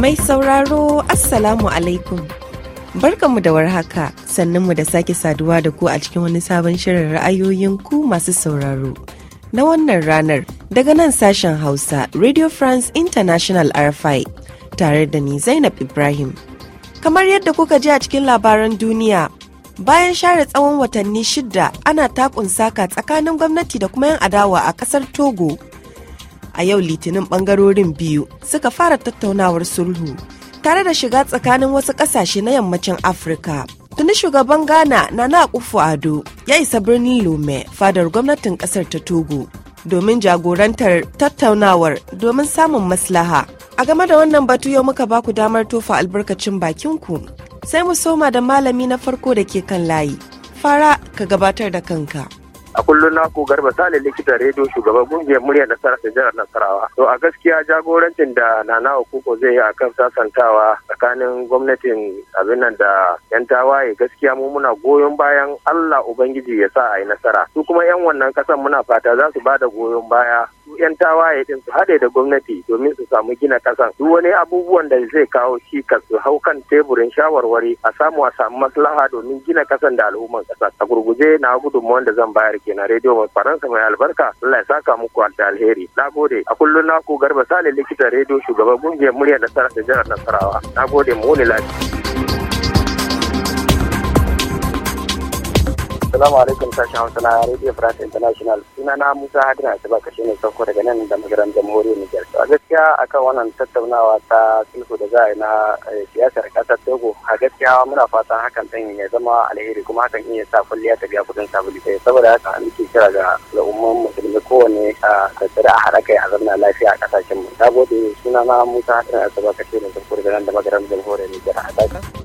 Mai sauraro Assalamu alaikum. Barkanmu da warhaka sannan mu da sake saduwa da ku a cikin wani sabon shirin ra'ayoyin ku masu sauraro. Na wannan ranar daga nan sashen Hausa Radio France International RFI tare da ni Zainab Ibrahim. Kamar yadda kuka ji a cikin labaran duniya bayan share tsawon watanni shida ana takun saka tsakanin gwamnati da kuma 'yan adawa a kasar togo a yau litinin bangarorin biyu suka fara tattaunawar sulhu tare da shiga tsakanin wasu kasashe na yammacin afirka tuni shugaban ghana nana akufo ado ya isa birnin lome fadar gwamnatin kasar ta togo domin jagorantar tattaunawar domin samun maslaha a game da wannan batu yau muka baku damar tofa albarkacin bakinku Sai mu soma da malami na farko da ke kan layi. Fara ka gabatar da kanka. a kullum na ku garba sale likitan rediyo shugaban kungiyar murya nasara ta jihar nasarawa to a gaskiya jagorancin da nana hukuku zai yi a kan sasantawa tsakanin gwamnatin abin da yan tawaye gaskiya mu muna goyon bayan allah ubangiji ya sa a yi nasara su kuma yan wannan kasan muna fata za su da goyon baya su 'yan tawaye din su haɗe da gwamnati domin su samu gina ƙasan duk wani abubuwan da zai kawo shi ka su hau kan teburin shawarwari a samu a samu maslaha domin gina ƙasan da al'umman ƙasa a gurguje na gudunmawar da zan bayar kenan rediyo mai faransa mai albarka Allah ya saka muku da alheri na gode a kullum na ku garba sale likitan rediyo shugaban kungiyar murya nasara da jihar nasarawa na gode mu wani lafiya Assalamu alaikum sashen Hausa na Radio France International. Suna na Musa Hadira Asiba kashe ne sauko daga nan da magaran jamhuriyar Nijar. A gaskiya akan wannan tattaunawa ta sulhu da za a yi na eh, siyasar kasar Togo. A gaskiya muna fatan hakan ɗin ya zama alheri kuma hakan iya sa kulliya ta biya kuɗin sabulu kai. Eh, saboda haka an ke kira ga al'umman musulmi kowane a tattara a haɗa kai a zamna lafiya a kasashen mu. Na gode suna na Musa Hadira Asiba kashe ne sauko daga nan da magaran jamhuriyar Nijar. A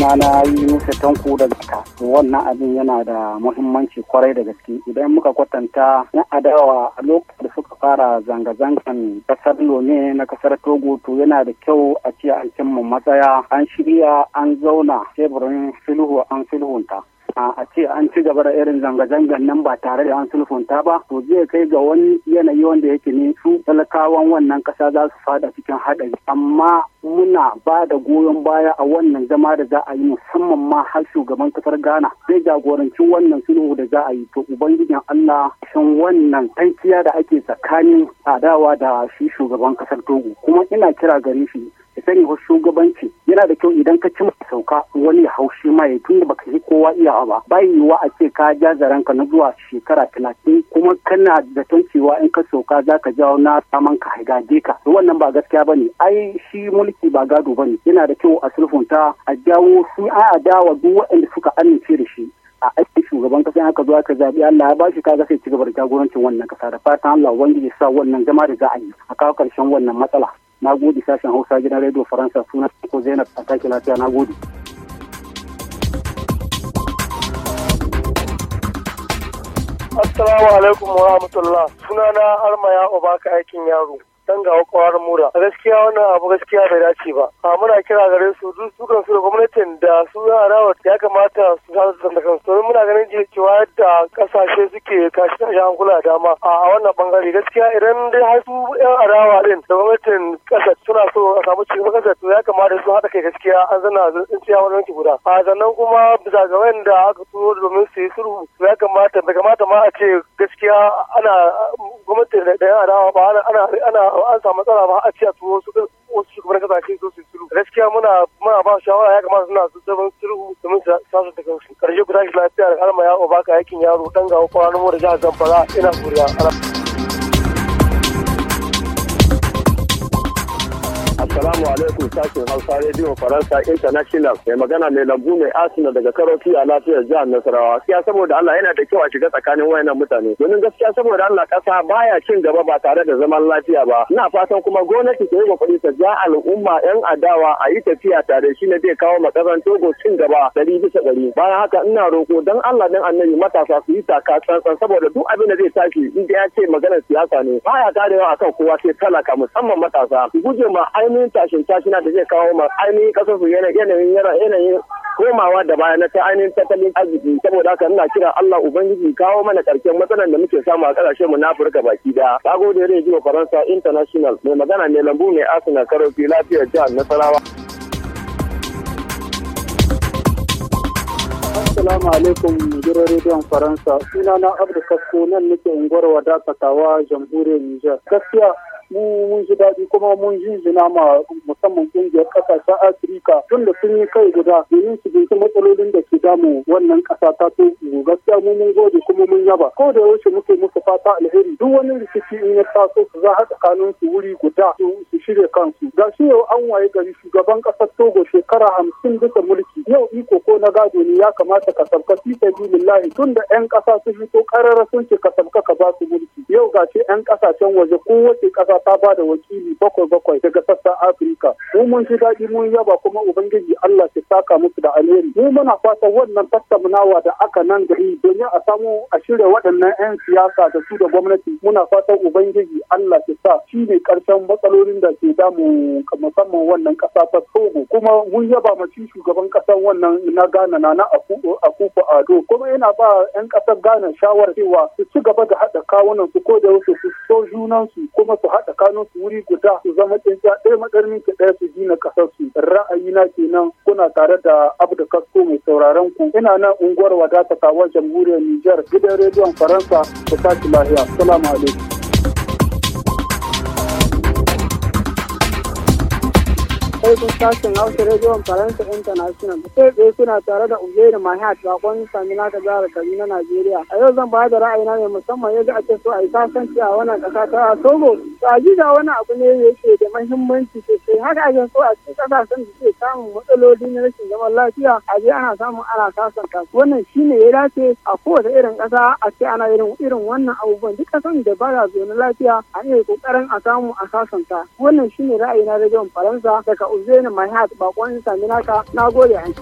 yi musu Tanko da ka. Wannan abin yana da muhimmanci kwarai da gaske. Idan muka kwatanta na adawa a lokacin da suka fara zanga-zangan kasar Lome na kasar Togo to yana da kyau a ce an cimma matsaya an shirya an zauna teburin sulhu an sulhunta. a ce an ci gaba da irin zanga-zangan nan ba tare da an sulfunta ba to zai kai ga wani yanayi wanda yake ne su talakawan wannan kasa za su fada cikin haɗari amma muna ba da goyon baya a wannan zama da za a yi musamman ma har shugaban kasar Ghana zai jagoranci wannan sulhu da za a yi to ubangijin Allah shan wannan tankiya da ake tsakanin adawa da shi shugaban kasar Togo kuma ina kira gare shi sanyewa shugabanci yana da kyau idan ka ci sauka wani ya haushi ma ya tunda baka yi kowa iyawa ba bai yiwuwa a ce ka ja ka na zuwa shekara talatin kuma kana da cewa in ka sauka za ka jawo na saman ka haigaje ka wannan ba gaskiya ba ne ai shi mulki ba gado ba ne yana da kyau a sulhunta a jawo su a dawa duk waɗanda suka amince da shi a aikin shugaban kasa aka zo aka zaɓi Allah ya bashi kaga sai ci gaba da jagorancin wannan kasa da fatan Allah wani ya sa wannan zama da za a yi a kawo ƙarshen wannan matsala na gode sashen hausa gidan rediyo faransa suna ko zainab a take lafiya na gode assalamu alaikum wa rahmatullah na armaya obaka aikin yaro dan ga kwarar mura gaskiya wannan abu gaskiya bai dace ba a muna kira gare su duk su kan su gwamnatin da su yara ya kamata su sa su da kansu domin muna ganin cewa yadda kasashe suke kashi da tashi hankula dama a wannan bangare gaskiya idan dai har su yan arawa din da gwamnatin kasar suna so a samu cikin kasar to ya kamata su haɗa kai gaskiya an zana zan tsinciya wani yanki guda a sannan kuma bisa ga wanda aka turo domin su yi sulhu ya kamata bai kamata ma a ce gaskiya ana gwamnati da yan arawa ba ana ana an samu matsala ba a ce a turo su wasu shugaban kasashe so su sulhu gaskiya muna muna ba shawara ya kamata suna su zaman sulhu domin su sasu da kansu karshe guda shi lafiya da kalma ya obaka aikin yaro dan gawo kwanan mu da jihar zamfara ina kuriya Assalamu alaikum sashen Hausa Radio Faransa International mai magana mai lambu mai asina daga Karofi a lafiyar jihar Nasarawa. Gaskiya saboda Allah yana da kyau a shiga tsakanin wayannan mutane. Domin gaskiya saboda Allah kasa baya cin gaba ba tare da zaman lafiya ba. Ina fatan kuma gwamnati ta yi kokari ta ja al'umma yan adawa a yi tafiya tare shi ne zai kawo makasan Togo cin gaba dari bisa dari. Bayan haka ina roko dan Allah dan annabi matasa su yi taka tsantsan saboda duk abin da zai tashi in da ya ce maganar siyasa ne baya karewa akan kowa sai talaka musamman matasa. Ku guje ma ainihin wannan tashin na da zai kawo ma ainihin kasar su yanayin yanayin komawa da baya na ta ainihin tattalin arziki saboda haka ina kira Allah ubangiji kawo mana karshen matsalar da muke samu a kasashen mu na Afirka baki daya ta gode rediyo Faransa International mai magana ne lambu mai Arsenal Karofi lafiyar jihar Nasarawa Assalamu alaikum jirar rediyon Faransa sunana Abdu Kasko nan nake unguwar wadatatawa jamhuriyar Nijar gaskiya mu mun ji daɗi kuma mun zina ma musamman ƙungiyar ƙasashen Afirka tun da sun yi kai guda domin su binci matsalolin da ke damu wannan ƙasa ta Togo gaskiya mu mun gode kuma mun yaba ko da yaushe muke musu fata alheri duk wani rikici in ya taso su za a tsakanin su wuri guda su shirya kansu ga shi yau an waye gari shugaban ƙasar Togo shekara hamsin bisa mulki yau iko ko na gado ne ya kamata ka sabka fi lillahi tun da yan kasa sun ko karara sun ce ka sabka ka ba su mulki yau ga ce yan can waje ko wace ƙasa ta ba da wakili bakwai bakwai daga sassan afirka mu mun shi daɗi mun yaba kuma ubangiji allah saka musu da alheri mu muna fatan wannan tattaunawa da aka nan gari domin a samu a shirya waɗannan 'yan siyasa da su da gwamnati muna fatan ubangiji Allah ya sa shi ne ƙarshen matsalolin da ke damu musamman wannan ƙasa ta Togo kuma mun yaba ma shi shugaban ƙasar wannan na Ghana na na Akufo Ado kuma yana ba 'yan ƙasar Ghana shawarar cewa su ci gaba da haɗa kawunan su ko da yaushe su so junan su kuma su haɗa kanun su wuri guda su zama tsintsiya ɗaya matsalolin ki ɗaya su gina ƙasar su ra'ayina kenan kuna tare da Abdu Kasko mai sauraron ku. Ina nan unguwar wadata kawar jamhuriyar Nijar gidan rediyon Faransa da tashi lahiya. Salamu alaikum. ofishin sashen hausa rediyon faransa international sai tsaye suna tare da uzairi mahat bakon samina ta jihar kaduna najeriya a yau zan ba da ra'ayina ne musamman yadda ake so a yi sasanci a wannan ƙasa ta togo tsajiga wani abu ne da yake da mahimmanci sosai haka ake so a cikin kasashen da ke samun matsaloli na rashin zaman lafiya a je ana samun ana sasanta wannan shine ya dace a kowace irin ƙasa a ce ana irin irin wannan abubuwan duk ƙasan da ba ya zo na lafiya a iya ƙoƙarin a samu a sasanta wannan shine ra'ayina rediyon faransa daga my heart bakon naka na gode an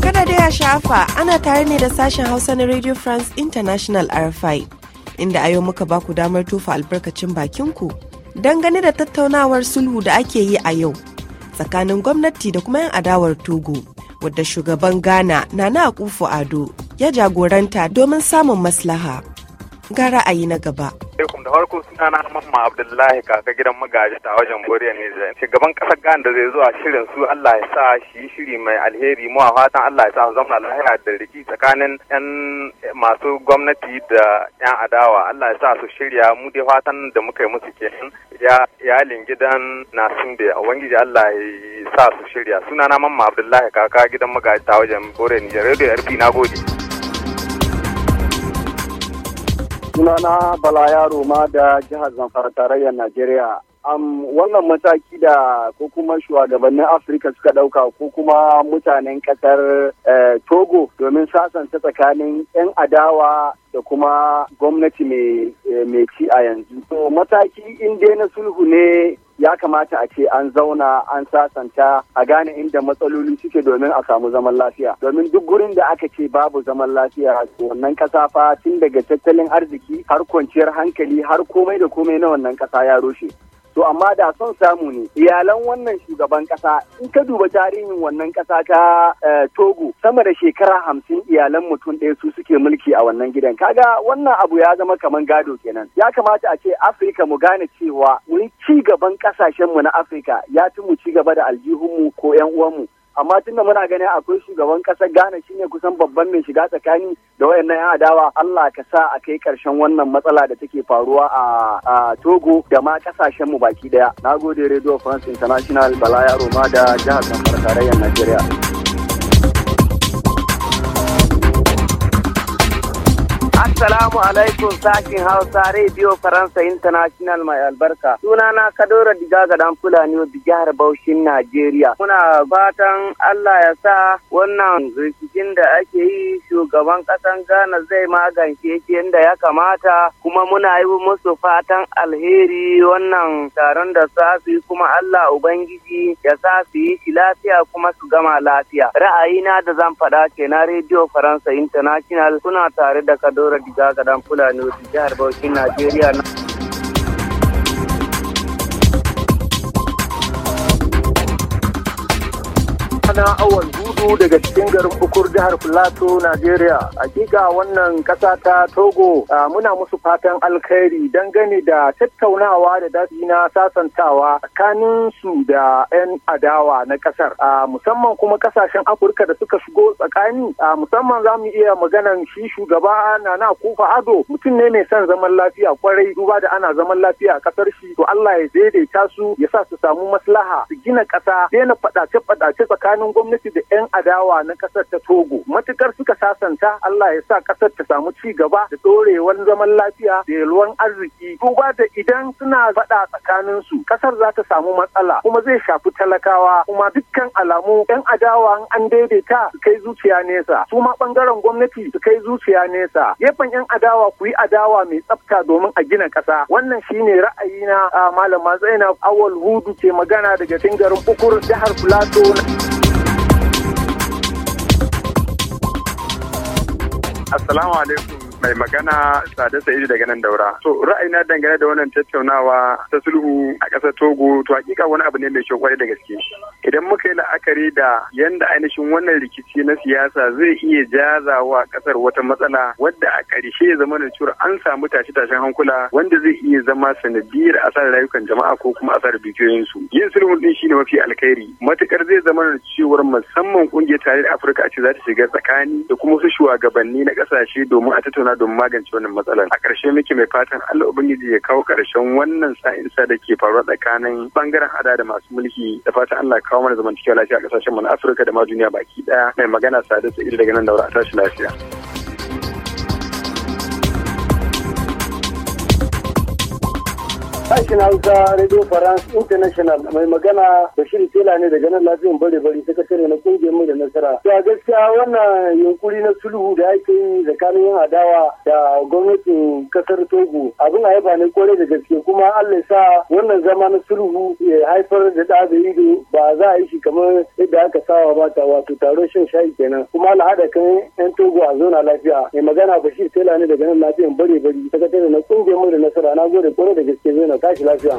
Kada da ya shafa ana tare ne da sashen Hausa na Radio France International RFI inda a yau muka ku damar tufa albarkacin bakin bakinku dangane da tattaunawar sulhu da ake yi a yau tsakanin gwamnati da kuma 'yan adawar Togo wadda shugaban Ghana Nana Akufo Ado ya jagoranta domin samun maslaha. Ga ra'ayi na gaba. da farko suna na mamma abdullahi kaka gidan magaji ta wajen ne nijar shugaban kasar ghana da zai zuwa shirin su allah ya sa shi shiri mai alheri mu a fatan allah ya sa su zama lahiya da riki tsakanin yan masu gwamnati da yan adawa allah ya sa su shirya mu dai fatan da muka yi musu kenan yalin gidan sun da ubangiji allah ya sa su shirya suna na mamma abdullahi kaka gidan magaji ta wajen buriyar nijar radio na gode. sunana bala yaro ma da jihar zamfara tarayyar najeriya um, wannan mataki da ko kuma shugabannin afirka suka dauka ko kuma mutanen kasar eh, togo domin sasanta tsakanin 'yan adawa da kuma gwamnati eh, mai ci a yanzu to mataki in dai na sulhu ne ya kamata a ce an zauna an sasanta a gane inda matsaloli suke domin a samu zaman lafiya domin duk gurin da aka ce babu zaman lafiya wannan kasa fa tun daga tattalin arziki har kwanciyar hankali har komai da komai na wannan kasa ya rushe to amma da son samu ne iyalan wannan shugaban kasa in ka duba tarihin wannan kasa ta eh, togo sama da shekara hamsin iyalan mutum ɗaya su suke mulki a wannan gidan kaga wannan abu ya zama kamar gado kenan ya kamata a ce afirka mu gane cewa mun ci gaban kasashen mu na afirka ya fi mu ci gaba da aljihunmu ko yan uwanmu amma tun da muna ganin akwai shugaban ƙasar Ghana shine kusan babban mai shiga tsakani da wayannan yan adawa Allah ka sa a kai karshen wannan matsala da take faruwa a Togo da ma ƙasashen mu baki daya nagode Radio France International Bala Yaro ma da jihar Zamfara tarayyar Najeriya Assalamu alaikum sashen Hausa Radio Faransa International mai albarka. Sunana Kadora Diga ga dan Fulani da jihar Baushin Najeriya. Muna fatan Allah ya sa wannan rikicin da ake yi shugaban kasan Ghana zai magance shi yadda ya kamata kuma muna yi musu fatan alheri wannan taron da sa su yi kuma Allah Ubangiji ya sa su yi shi lafiya kuma su gama lafiya. Ra'ayina da zan faɗa ke na Radio Faransa International suna tare da Kadora diga gadan fulani jihar bauchi najeriya sunana awal hudu daga cikin garin bukur jihar Filato, Najeriya. Hakika wannan ƙasa ta Togo muna musu fatan alkhairi dangane da tattaunawa da dafi na sasantawa tsakanin su da 'yan adawa na ƙasar. Musamman kuma ƙasashen Afirka da suka shigo tsakani musamman za mu iya maganan shi shugaba Nana Kufa Ado mutum ne mai son zaman lafiya kwarai duba da ana zaman lafiya a ƙasar shi to Allah ya daidaita su ya sa su samu maslaha su gina ƙasa daina faɗace-faɗace tsakanin tsakanin gwamnati da 'yan adawa na ƙasar ta Togo. Matukar suka sasanta Allah ya sa ƙasar ta samu ci gaba da ɗorewar zaman lafiya da yalwan arziki. Duba da idan suna faɗa tsakanin su ƙasar za ta samu matsala kuma zai shafi talakawa kuma dukkan alamu 'yan adawa an daidaita su kai zuciya nesa su ma ɓangaren gwamnati su kai zuciya nesa. Gefen 'yan adawa ku yi adawa mai tsafta domin a gina ƙasa. Wannan shine ra'ayina a malama Zainab Awal Hudu ke magana daga tingarin ukur jihar Plateau. السلام عليكم mai magana Sada Sa'idu daga nan daura. To ra'ayina dangane da wannan tattaunawa ta sulhu a ƙasar Togo to hakika wani abu ne mai kyau da gaske. Idan muka yi la'akari da yadda ainihin wannan rikici na siyasa zai iya jazawa ƙasar wata matsala wadda a ƙarshe ya zama da cewa an samu tashe-tashen hankula wanda zai iya zama sanadiyar asarar rayukan jama'a ko kuma asarar bikiyoyinsu. Yin sulhu din shine mafi alkhairi. Matuƙar zai zama da cewar musamman kungiyar tarihin Afirka a ce za ta shiga tsakani da kuma su shugabanni na ƙasashe domin a tattauna tattauna don magance wannan matsalar. A ƙarshe muke mai fatan Allah Ubangiji ya kawo karshen wannan sa'insa da ke faruwa tsakanin bangaren ada da masu mulki da fatan Allah kawo mana zamantakewa lafiya a ƙasashen mu na Afirka da ma duniya baki ɗaya. Mai magana sadisa Sa'idu daga nan daura a tashi lafiya. Sashen Hausa Radio France International mai magana shiri Tela ne daga nan lafiyan bare bari sakatare na kungiyar mu da nasara. To a gaskiya wannan yunkuri na sulhu da ake yi tsakanin yan adawa da gwamnatin kasar Togo abin a yaba ne kore da gaske kuma Allah sa wannan zama na sulhu ya haifar da da ido ba za a yi shi kamar yadda aka sawa ba ta wato taron shan shayi kenan kuma al'ada kan yan Togo a zauna lafiya mai magana Bashir Tela ne daga nan lafiyan bare bari sakatare na kungiyar mu da nasara na gode kore da gaske zai tashi lafiya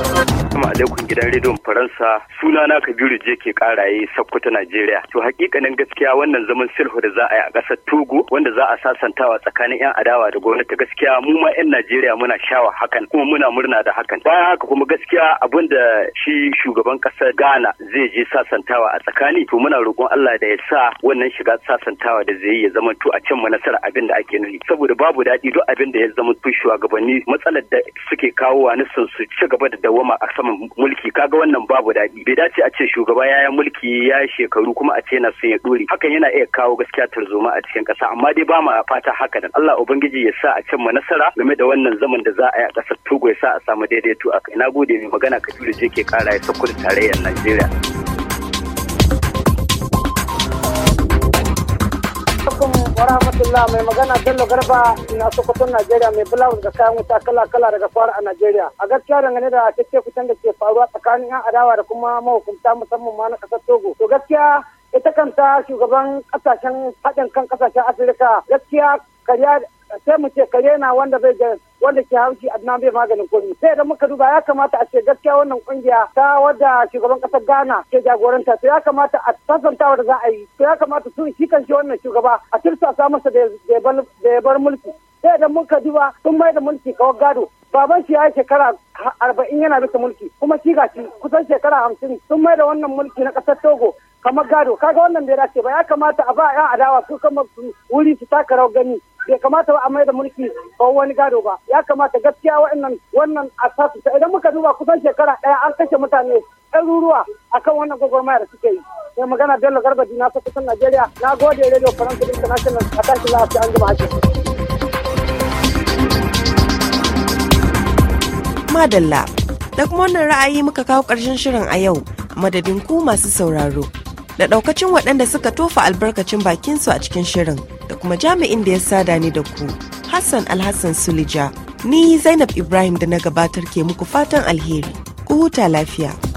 Assalamu alaikum gidan rediyon Faransa sunana Kabiru je ke karaye Sokoto Najeriya. To hakikanin gaskiya wannan zaman sulhu da za a yi a ƙasar Togo wanda za a sasantawa tsakanin 'yan adawa da gwamnati gaskiya mu ma 'yan Najeriya muna shawa hakan kuma muna murna da hakan. Bayan haka kuma gaskiya abin da shi shugaban ƙasar Ghana zai je sasantawa a tsakani to muna roƙon Allah da ya sa wannan shiga sasantawa da zai yi ya zama to a can mu nasara abin da ake nufi saboda babu daɗi duk abin da ya zama tushewa gabanni matsalar da suke kawowa na su ci gaba da dawama a saman mulki kaga wannan babu daɗi bai dace a ce shugaba ya mulki ya shekaru kuma a ce yana son ya dore hakan yana iya kawo gaskiya tarzoma a cikin ƙasa amma dai ba ma fata haka nan Allah ubangiji ya sa a cin mu nasara game da wannan zaman da za a yi a ƙasar Togo ya sa a samu daidaito a kai nagode mai magana Kabiru je ke kara ya sakkuri tarayyar Najeriya. Abdullah mai magana Bello Garba na Sokoton Najeriya mai bulawus da kayan wuta kala-kala daga fara a Najeriya. A gaskiya dangane da cece fitan da ke faruwa tsakanin 'yan adawa da kuma mahukunta musamman ma na kasar Togo. To gaskiya ita kanta shugaban kasashen haɗin kan kasashen Afirka gaskiya karya sai mu ce kare na wanda zai ga wanda ke haushi Adnan bai maganin komi sai da muka duba ya kamata a ce gaskiya wannan kungiya ta wadda shugaban kasar Ghana ke jagoranta to ya kamata a sasantawa da za a yi to ya kamata su shi kan shi wannan shugaba a tirsasa masa da ya bar mulki sai da muka duba sun mai da mulki kawai gado baban shi ya yi shekara arba'in yana bisa mulki kuma shi ga shi kusan shekara hamsin sun mai da wannan mulki na kasar togo kamar gado kaga wannan bai dace ba ya kamata a ba ya adawa su kama wuri su taka rawar gani bai kamata ba a mai da mulki ba wani gado ba ya kamata gaskiya wa'annan wannan asasu idan muka duba kusan shekara ɗaya an kashe mutane ɗaruruwa akan wannan gwagwarmaya da suke yi mai magana bello garba dina ta kusan najeriya na gode radio faransa international a tashi lafiya an ake. madalla da kuma wannan ra'ayi muka kawo ƙarshen shirin a yau madadin ku masu sauraro da ɗaukacin waɗanda suka tofa albarkacin bakinsu a cikin shirin kuma jami'in da ya sada ni da ku Hassan Alhassan Sulija. Ni Zainab Ibrahim da na gabatar ke muku fatan alheri. Ku huta lafiya.